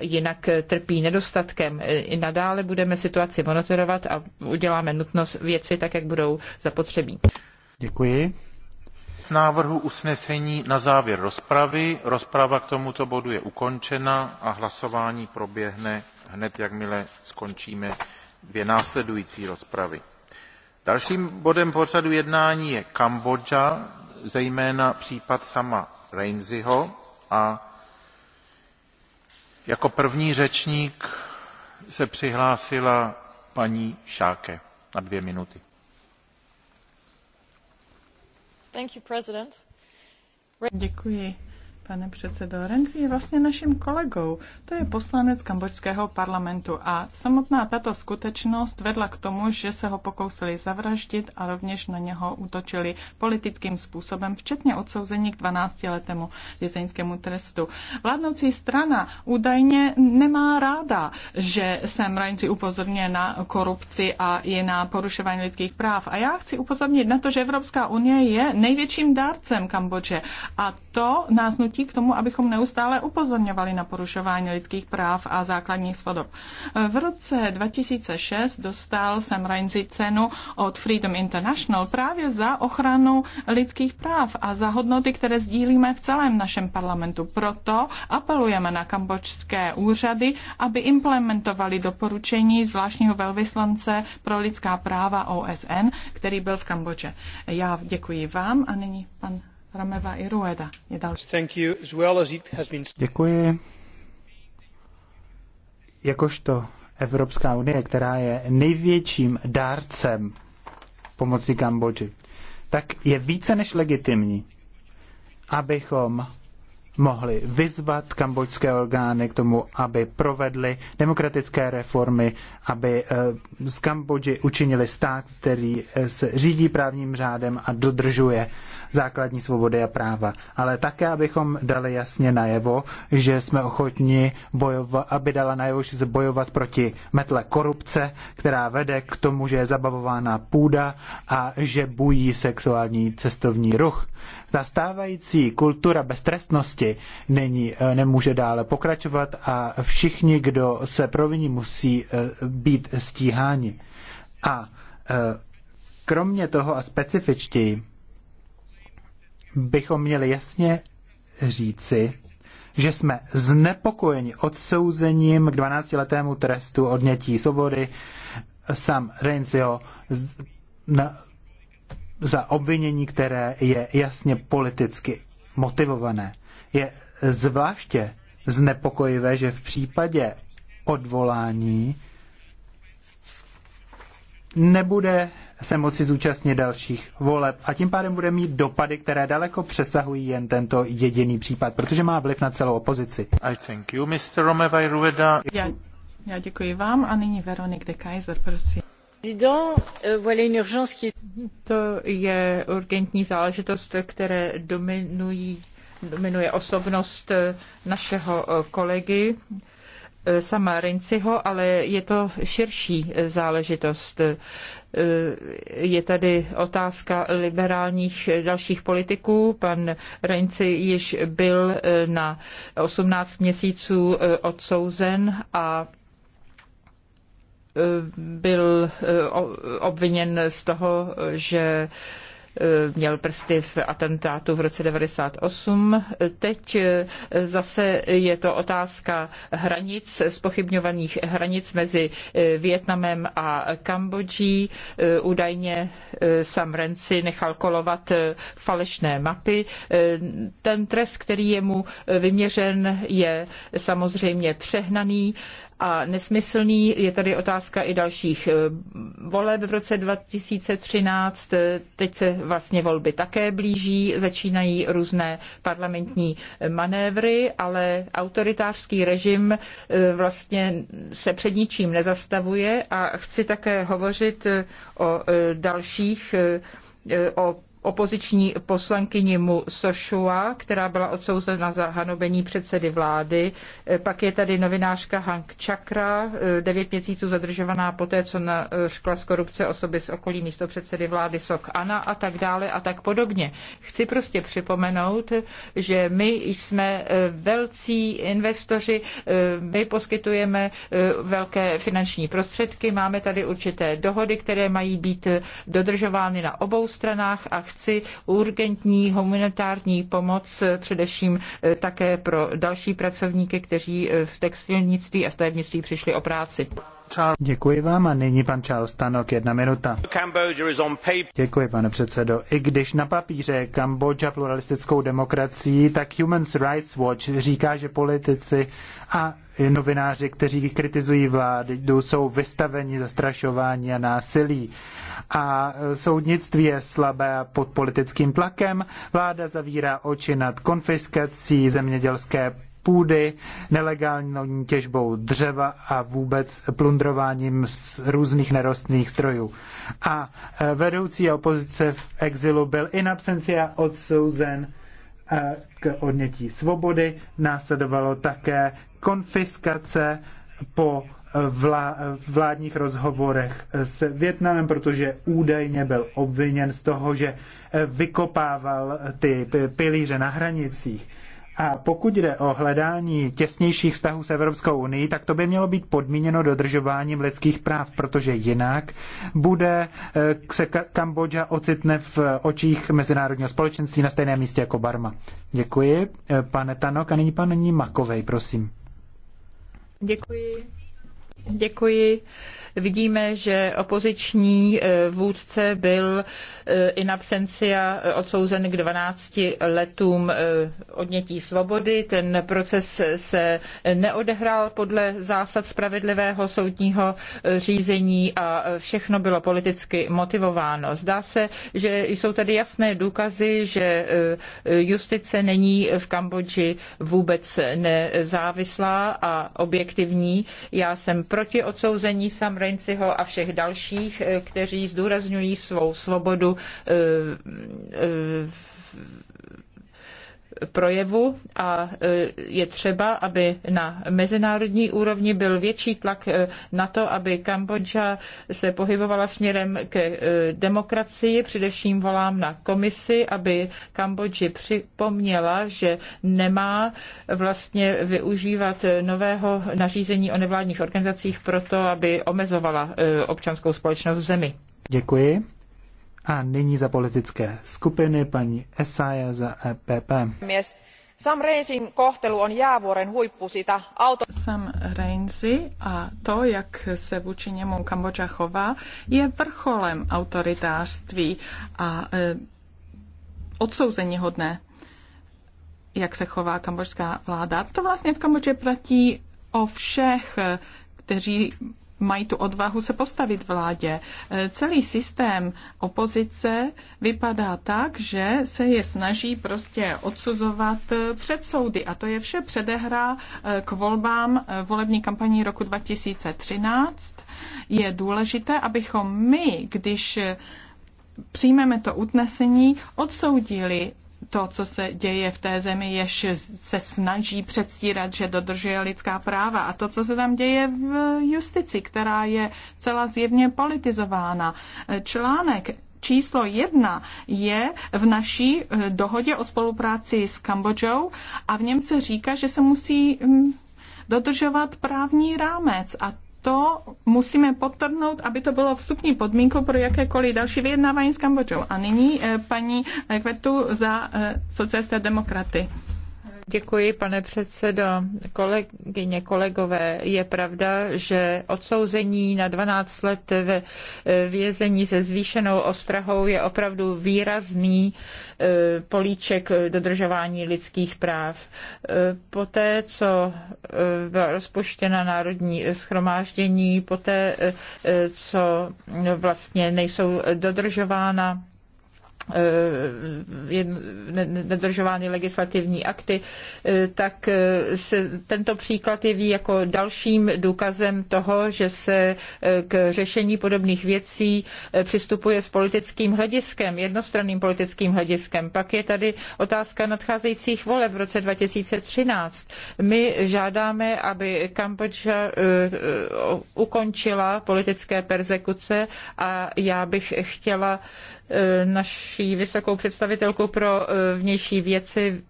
jinak trpí nedostatkem. I nadále budeme situaci monitorovat a uděláme nutnost věci tak, jak budou zapotřebí. Děkuji. Z návrhu usnesení na závěr rozpravy. Rozprava k tomuto bodu je ukončena a hlasování proběhne hned, jakmile skončíme dvě následující rozpravy. Dalším bodem pořadu jednání je Kambodža, zejména případ sama Reinziho a jako první řečník se přihlásila paní Šáke na dvě minuty. Děkuji. Pane předsedo, Renzi je vlastně naším kolegou. To je poslanec kambočského parlamentu a samotná tato skutečnost vedla k tomu, že se ho pokousili zavraždit a rovněž na něho útočili politickým způsobem, včetně odsouzení k 12-letému vězeňskému trestu. Vládnoucí strana údajně nemá ráda, že jsem Renzi upozorně na korupci a je na porušování lidských práv. A já chci upozornit na to, že Evropská unie je největším dárcem Kambodže a to nás nutí k tomu, abychom neustále upozorňovali na porušování lidských práv a základních svobod. V roce 2006 dostal Sam Rainsy cenu od Freedom International právě za ochranu lidských práv a za hodnoty, které sdílíme v celém našem parlamentu. Proto apelujeme na kambočské úřady, aby implementovali doporučení zvláštního velvyslance pro lidská práva OSN, který byl v Kambodži. Já děkuji vám a nyní pan Rameva i Rueda je další. Děkuji. Jakožto Evropská unie, která je největším dárcem pomoci Kambodži, tak je více než legitimní, abychom mohli vyzvat kambodžské orgány k tomu, aby provedly demokratické reformy, aby eh, z Kambodži učinili stát, který eh, se řídí právním řádem a dodržuje základní svobody a práva. Ale také, abychom dali jasně najevo, že jsme ochotni bojovat, aby dala najevo, že se bojovat proti metle korupce, která vede k tomu, že je zabavována půda a že bují sexuální cestovní ruch. Ta stávající kultura beztrestnosti činnosti není, eh, nemůže dále pokračovat a všichni, kdo se proviní, musí eh, být stíháni. A eh, kromě toho a specifičtěji bychom měli jasně říci, že jsme znepokojeni odsouzením k 12-letému trestu odnětí svobody Sam Rainsio za obvinění, které je jasně politicky motivované. Je zvláště znepokojivé, že v případě odvolání nebude se moci zúčastnit dalších voleb a tím pádem bude mít dopady, které daleko přesahují jen tento jediný případ, protože má vliv na celou opozici. I thank you, Mr. Romeva já, já děkuji vám a nyní Veronik de Kaiser, prosím. Euh, to je urgentní záležitost, které dominují, dominuje osobnost eh, našeho eh, kolegy eh, sama Rinciho, ale je to širší záležitost. Je tady otázka liberálních dalších politiků. Pan Renci již byl na 18 měsíců odsouzen a Eh, byl eh, obviněn z toho, že Eh, měl prsty v atentátu v roce 98. Teď eh, zase je to otázka hranic, spochybňovaných hranic mezi eh, Vietnamem a Kambodží. Údajně Sam Renci nechal kolovat falešné mapy. Ten trest, který je mu vyměřen, je samozřejmě přehnaný a nesmyslný. Je tady otázka i dalších voleb v roce 2013. Teď se vlastně volby také blíží, začínají různé parlamentní manévry, ale autoritářský režim e, vlastně se před ničím nezastavuje a chci také hovořit e, o e, dalších o opoziční poslankyni Mu Sošua, která byla odsouzena za hanobení předsedy vlády. Eh, pak je tady novinářka Hank Chakra, eh, devět měsíců zadržovaná poté, co naškla z korupce osoby z okolí místo předsedy vlády Sok Ana a tak dále a tak podobně. Chci prostě připomenout, že my jsme eh, velcí investoři, my poskytujeme velké finanční prostředky, máme tady určité dohody, které mají být dodržovány na obou stranách a akci urgentní humanitární pomoc, především eh, také pro další pracovníky, kteří eh, v textilnictví a stavebnictví přišli o práci. Děkuji vám a nyní pan Charles Tanok, jedna minuta. Děkuji, pane předsedo. I když na papíře Kambodža pluralistickou demokracií, tak Human Rights Watch říká, že politici a novináři, kteří kritizují vládu, jsou vystaveni zastrašování a násilí. A soudnictví je slabé pod politickým tlakem, vláda zavírá oči nad konfiskací zemědělské půdy, nelegální těžbou dřeva a vůbec plundrováním z různých nerostných strojů. A e, vedoucí opozice v exilu byl in absentia odsouzen e, k odnětí svobody. Následovalo také konfiskace po e, vlá, vládních rozhovorech s Větnamem, protože údajně byl obviněn z toho, že vykopával ty pilíře na hranicích. A pokud jde o hledání těsnějších vztahů s Evropskou unii, tak to by mělo být podmíněno dodržováním lidských práv, protože jinak bude eh, se Kambodža ocitne v očích mezinárodního společenství na stejném místě jako Barma. Děkuji, eh, pane Tanok. A nyní paní Makovej, prosím. Děkuji. Děkuji. Vidíme, že opoziční eh, vůdce byl eh, in absencia eh, odsouzen k 12 letům odnětí svobody. Ten proces se neodehrál podle zásad spravedlivého soudního řízení a všechno bylo politicky motivováno. Zdá se, že jsou tady jasné důkazy, že justice není v Kambodži vůbec nezávislá a objektivní. Já jsem proti odsouzení sam. Lorenciho a všech dalších, eh, kteří zdůrazňují svou svobodu eh, eh, projevu a e, je třeba, aby na mezinárodní úrovni byl větší tlak e, na to, aby Kambodža se pohybovala směrem k e, demokracii. Především volám na komisi, aby Kambodži připomněla, že nemá vlastně využívat nového nařízení o nevládních organizacích proto, aby omezovala občanskou společnost v zemi. Děkuji. A nyní za politické skupiny paní Esaja za EPP. Sam Reinsin kohtelu on jäävuoren huippu sitä auto... Sam Reinsi a to, jak se vůči němu Kambodža chová, je vrcholem autoritářství a e, odsouzení hodné, jak se chová kambodžská vláda. To vlastně v Kambodži platí o všech, kteří mají tu odvahu se postavit vládě. E, celý systém opozice vypadá tak, že se je snaží prostě odsuzovat e, před soudy. A to je vše předehra e, k volbám volební kampaní roku 2013. Je důležité, abychom my, když přijmeme to utnesení, odsoudili to, co se děje v té zemi, jež se snaží předstírat, že dodržuje lidská práva. A to, co se tam děje v justici, která je celá zjevně politizována. Článek číslo jedna je v naší eh, dohodě o spolupráci s Kambodžou a v něm se říká, že se musí mm, dodržovat právní rámec a to musíme potrhnout, aby to bylo vstupní podmínkou pro jakékoliv další vyjednávání s Kambodžou. A nyní eh, paní Kvetu za eh, socialisté demokraty. Děkuji, pane předsedo. Kolegyně, kolegové, je pravda, že odsouzení na 12 let ve vězení se zvýšenou ostrahou je opravdu výrazný e, políček dodržování lidských práv. E, poté, co e, byla rozpuštěna národní schromáždění, poté, co no, vlastně nejsou dodržována Eh, nedržovány legislativní akty, eh, tak eh, se tento příklad jeví jako dalším důkazem toho, že se k řešení podobných věcí přistupuje s politickým hlediskem, jednostranným politickým hlediskem. Pak je tady otázka nadcházejících voleb v roce 2013. My žádáme, aby Kambodža ukončila politické persekuce a já bych chtěla E, naší vysokou představitelku pro e, vnější věci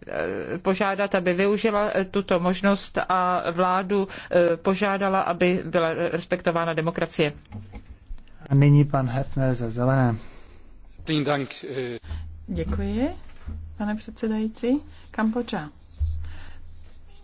e, požádat, aby využila tuto možnost a vládu požádala, aby byla respektována demokracie. A nyní pan Hefner za zelené. Děkuji, pane předsedající. Kambodža.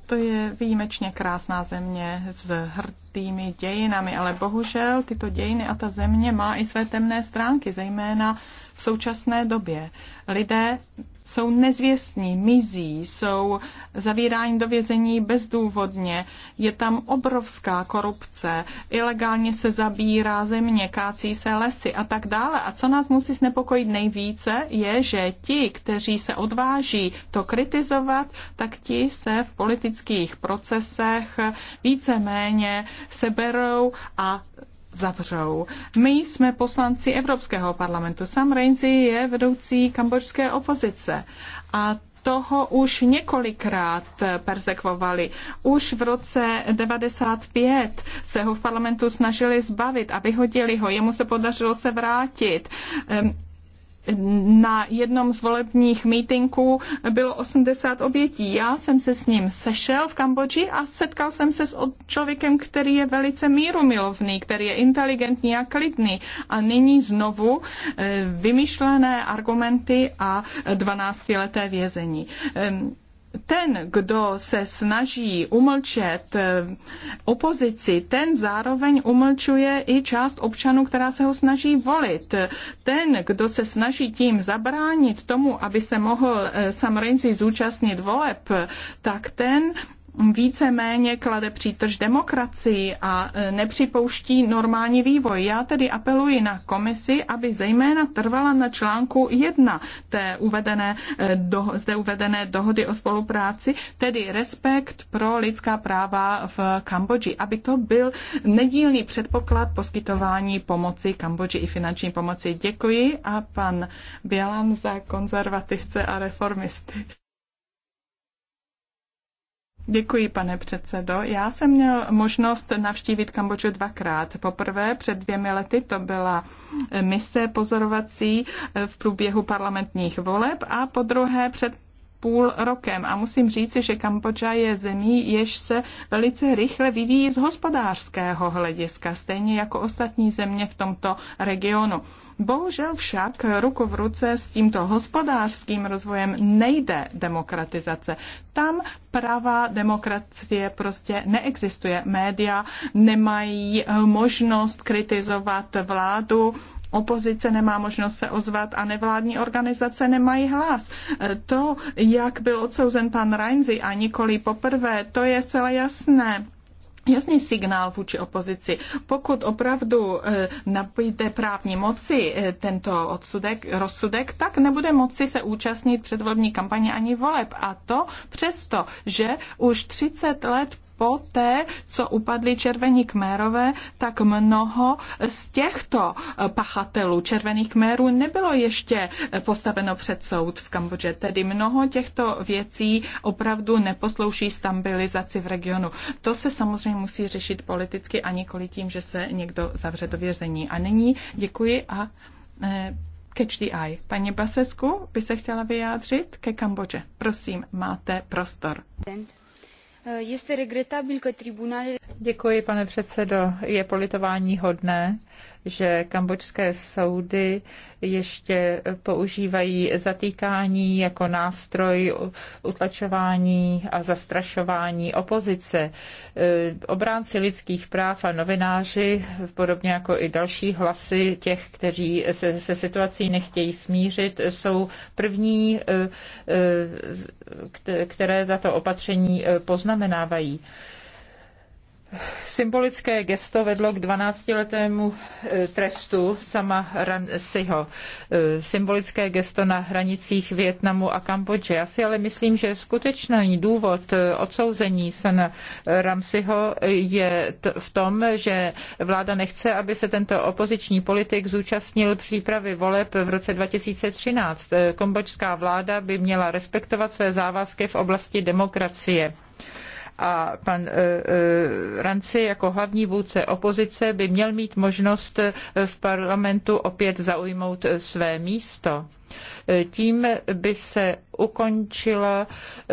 To je výjimečně krásná země s hrdými dějinami, ale bohužel tyto dějiny a ta země má i své temné stránky, zejména v současné době. Lidé jsou nezvěstní, mizí, jsou zavíráni do vězení bezdůvodně, je tam obrovská korupce, ilegálně se zabírá země, kácí se lesy a tak dále. A co nás musí znepokojit nejvíce, je, že ti, kteří se odváží to kritizovat, tak ti se v politických procesech víceméně seberou a zavřou. My jsme poslanci Evropského parlamentu. Sam Rainsy je vedoucí kambočské opozice a toho už několikrát persekvovali. Už v roce 95 se ho v parlamentu snažili zbavit a vyhodili ho. Jemu se podařilo se vrátit. Ehm, na jednom z volebních mítinků bylo 80 obětí. Já jsem se s ním sešel v Kambodži a setkal jsem se s člověkem, který je velice mírumilovný, který je inteligentní a klidný. A nyní znovu eh, vymyšlené argumenty a 12-leté vězení. Ehm, ten, kdo se snaží umlčet eh, opozici, ten zároveň umlčuje i část občanů, která se ho snaží volit. Ten, kdo se snaží tím zabránit tomu, aby se mohl eh, Sam Renzi zúčastnit voleb, tak ten víceméně klade přítrž demokracii a e, nepřipouští normální vývoj. Já tedy apeluji na komisi, aby zejména trvala na článku 1 té uvedené, e, do, zde uvedené dohody o spolupráci, tedy respekt pro lidská práva v Kambodži, aby to byl nedílný předpoklad poskytování pomoci Kambodži i finanční pomoci. Děkuji a pan Bělan za konzervativce a reformisty. Děkuji, pane předsedo. Já jsem měl možnost navštívit Kambodžu dvakrát. Poprvé před dvěmi lety to byla eh, mise pozorovací eh, v průběhu parlamentních voleb a po druhé před půl rokem a musím říci, že Kambodža je zemí, jež se velice rychle vyvíjí z hospodářského hlediska, stejně jako ostatní země v tomto regionu. Bohužel však ruku v ruce s tímto hospodářským rozvojem nejde demokratizace. Tam pravá demokracie prostě neexistuje. Média nemají možnost kritizovat vládu, Opozice nemá možnost se ozvat a nevládní organizace nemají hlas. E, to, jak byl odsouzen pan Reinzi a nikoli poprvé, to je celé jasné jasný signál vůči opozici. Pokud opravdu e, nabíde právní moci e, tento odsudek, rozsudek, tak nebude moci se účastnit předvolební kampaně ani voleb. A to přesto, že už 30 let poté, co upadli červení kmérové, tak mnoho z těchto eh, pachatelů červených kmérů nebylo ještě eh, postaveno před soud v Kambodži. Tedy mnoho těchto věcí opravdu neposlouší stabilizaci v regionu. To se samozřejmě musí řešit politicky a nikoli tím, že se někdo zavře do vězení. A nyní děkuji a eh, Catch the Eye. Paní Basesku by se chtěla vyjádřit ke Kambodži. Prosím, máte prostor. Thank Eh, este regretabil că tribunalele... Děkuji, pane předsedo. Je politování hodné, že kambočské soudy ještě používají zatýkání jako nástroj utlačování a zastrašování opozice. Obránci lidských práv a novináři, podobně jako i další hlasy těch, kteří se, se situací nechtějí smířit, jsou první, eh, eh, které tato opatření eh, poznamenávají. Symbolické gesto vedlo k 12-letému e, trestu sama Ransiho. E, symbolické gesto na hranicích Vietnamu a Kambodže. Já si ale myslím, že skutečný důvod e, odsouzení San Ramsiho je v tom, že vláda nechce, aby se tento opoziční politik zúčastnil přípravy voleb v roce 2013. Kambodžská vláda by měla respektovat své závazky v oblasti demokracie a pan eh, eh, Ranci jako hlavní vůdce opozice by měl mít možnost eh, v parlamentu opět zaujmout své místo. Tím by se ukončila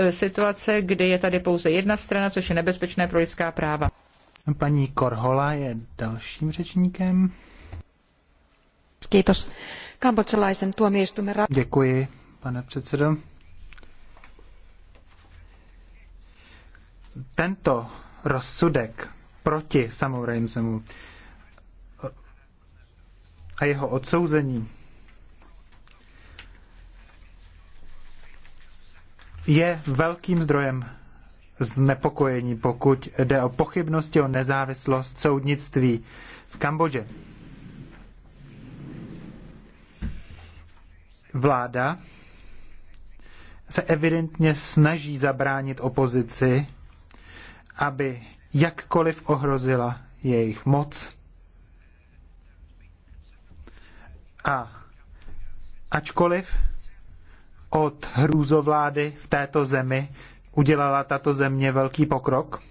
situace, kdy je tady pouze jedna strana, což je nebezpečné pro lidská práva. Paní Korhola je dalším řečníkem. Děkuji, pane předsedo. tento rozsudek proti Samu a jeho odsouzení je velkým zdrojem znepokojení, pokud jde o pochybnosti o nezávislost soudnictví v Kambodži. Vláda se evidentně snaží zabránit opozici aby jakkoliv ohrozila jejich moc. A ačkoliv od hrůzovlády v této zemi udělala tato země velký pokrok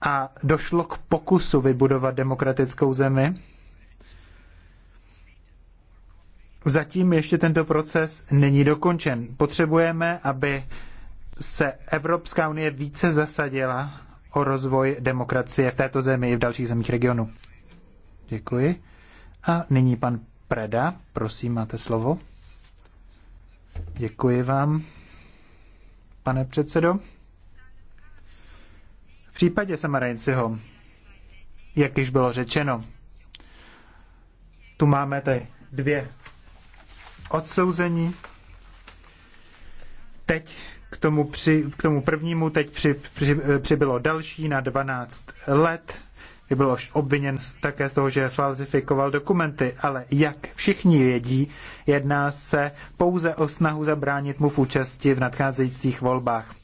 a došlo k pokusu vybudovat demokratickou zemi, zatím ještě tento proces není dokončen. Potřebujeme, aby se Evropská unie více zasadila o rozvoj demokracie v této zemi i v dalších zemích regionu. Děkuji. A nyní pan Preda, prosím, máte slovo. Děkuji vám, pane předsedo. V případě Samarajnciho, jak již bylo řečeno, tu máme tady dvě odsouzení. Teď k tomu, při, k tomu prvnímu teď při, při, přibylo další na 12 let, kdy byl obviněn také z toho, že falzifikoval dokumenty, ale jak všichni vědí, jedná se pouze o snahu zabránit mu v účasti v nadcházejících volbách.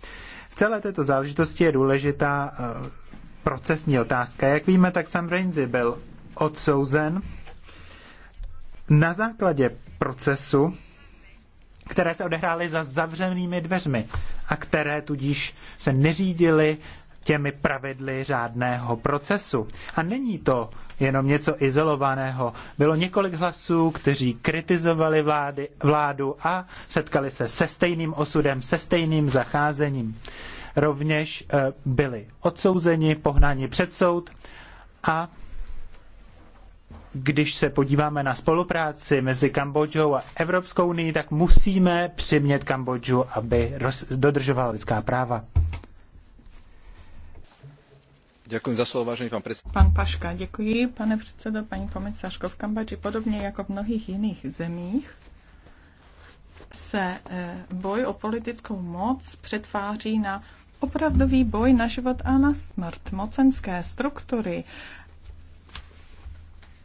V celé této záležitosti je důležitá eh, procesní otázka. Jak víme, tak Sam Rainsy byl odsouzen na základě procesu, které se odehrály za zavřenými dveřmi a které tudíž se neřídily těmi pravidly řádného procesu. A není to jenom něco izolovaného. Bylo několik hlasů, kteří kritizovali vlády, vládu a setkali se se stejným osudem, se stejným zacházením. Rovněž eh, byli odsouzeni, pohnáni před soud a když se podíváme na spolupráci mezi Kambodžou a Evropskou unii, tak musíme přimět Kambodžu, aby dodržovala lidská práva. Děkuji za slovo, vážený pan předseda. Pan Paška, děkuji, pane předsedo, paní komisařko. V Kambodži, podobně jako v mnohých jiných zemích, se e, boj o politickou moc přetváří na opravdový boj na život a na smrt. Mocenské struktury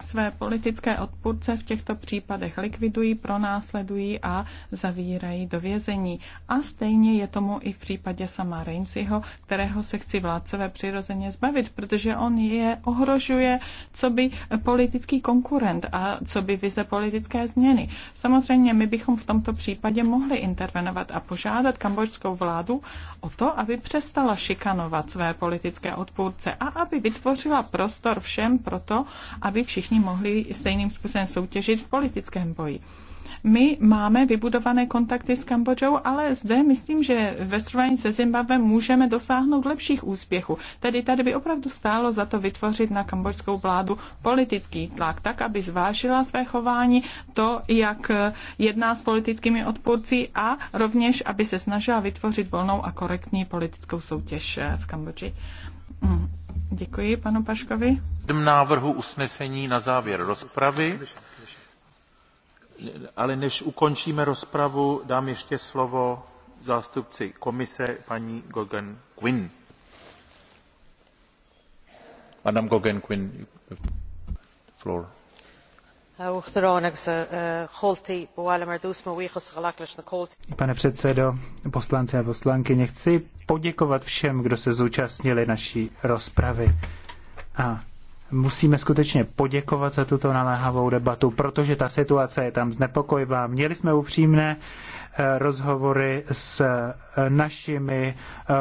své politické odpůrce v těchto případech likvidují, pronásledují a zavírají do vězení. A stejně je tomu i v případě sama Reinsiho, kterého se chci vládcové přirozeně zbavit, protože on je ohrožuje, co by politický konkurent a co by vize politické změny. Samozřejmě my bychom v tomto případě mohli intervenovat a požádat kambožskou vládu o to, aby přestala šikanovat své politické odpůrce a aby vytvořila prostor všem proto, aby všichni všichni mohli stejným způsobem soutěžit v politickém boji. My máme vybudované kontakty s Kambodžou, ale zde myslím, že ve srovnání se Zimbabwem můžeme dosáhnout lepších úspěchů. Tedy tady by opravdu stálo za to vytvořit na kambodžskou vládu politický tlak, tak, aby zvážila své chování, to, jak jedná s politickými odpůrci a rovněž, aby se snažila vytvořit volnou a korektní politickou soutěž v Kambodži. Mm. Děkuji panu Paškovi. návrhu usnesení na závěr rozpravy. Ale než ukončíme rozpravu, dám ještě slovo zástupci komise paní Gogan Quinn. Madame Gogan Quinn, floor. Pane předsedo, poslanci a poslankyně, chci poděkovat všem, kdo se zúčastnili naší rozpravy. A musíme skutečně poděkovat za tuto naléhavou debatu, protože ta situace je tam znepokojivá. Měli jsme upřímné eh, rozhovory s našimi eh,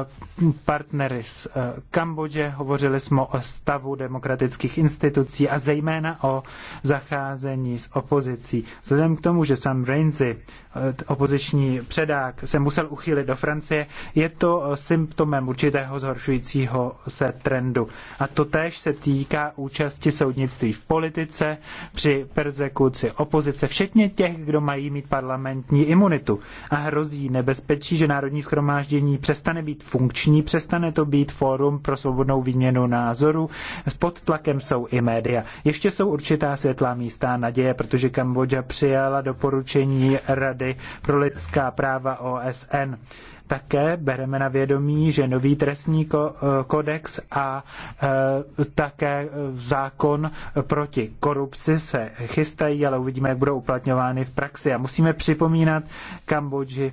partnery z eh, Kambodže. Hovořili jsme o stavu demokratických institucí a zejména o zacházení s opozicí. Vzhledem k tomu, že Sam Rainsy, eh, opoziční předák, se musel uchýlit do Francie, je to symptomem určitého zhoršujícího se trendu. A to též se týká účasti soudnictví v politice, při persekuci opozice, včetně těch, kdo mají mít parlamentní imunitu. A hrozí nebezpečí, že Národní schromáždění přestane být funkční, přestane to být fórum pro svobodnou výměnu názorů. Pod tlakem jsou i média. Ještě jsou určitá světlá místa naděje, protože Kambodža přijala doporučení Rady pro lidská práva OSN. Také bereme na vědomí, že nový trestní eh, kodex a eh, také eh, zákon proti korupci se chystají, ale uvidíme, jak budou uplatňovány v praxi. A musíme připomínat Kambodži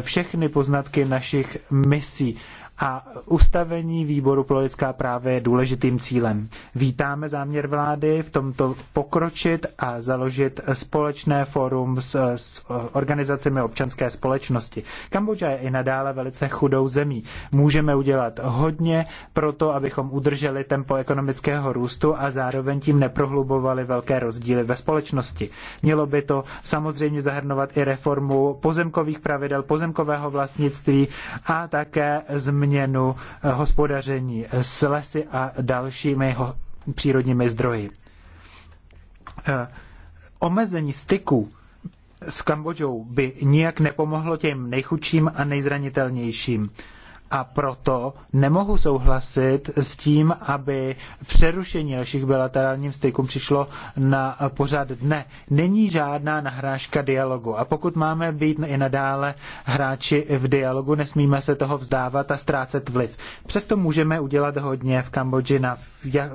všechny poznatky našich misí a ustavení výboru pro lidská práva je důležitým cílem. Vítáme záměr vlády v tomto pokročit a založit společné fórum s, s organizacemi občanské společnosti. Kambodža je i nadále velice chudou zemí. Můžeme udělat hodně pro to, abychom udrželi tempo ekonomického růstu a zároveň tím neprohlubovali velké rozdíly ve společnosti. Mělo by to samozřejmě zahrnovat i reformu pozemkových pravidel, pozemkového vlastnictví a také změnu změnu eh, hospodaření s lesy a dalšími přírodními zdroji. Eh, omezení styků s Kambodžou by nijak nepomohlo těm nejchudším a nejzranitelnějším a proto nemohu souhlasit s tím, aby přerušení našich bilaterálním styků přišlo na pořad dne. Není žádná nahrážka dialogu a pokud máme být i nadále hráči v dialogu, nesmíme se toho vzdávat a ztrácet vliv. Přesto můžeme udělat hodně v Kambodži na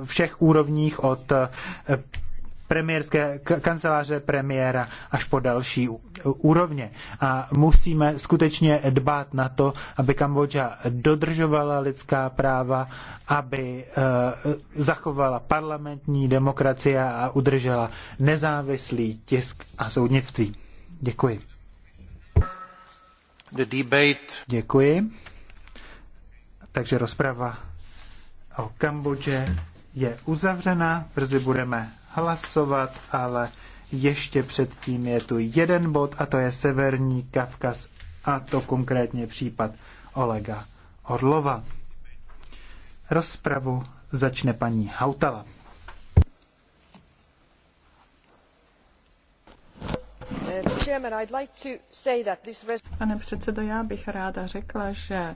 všech úrovních od premiérské kanceláře premiéra až po další úrovně. A musíme skutečně dbát na to, aby Kambodža dodržovala lidská práva, aby eh, zachovala parlamentní demokracii a udržela nezávislý tisk a soudnictví. Děkuji. The debate. Děkuji. Takže rozprava o Kambodži je uzavřena. Brzy budeme hlasovat, ale ještě předtím je tu jeden bod a to je Severní Kavkaz a to konkrétně případ Olega Orlova. Rozpravu začne paní Hautala. Pane předsedo, já bych ráda řekla, že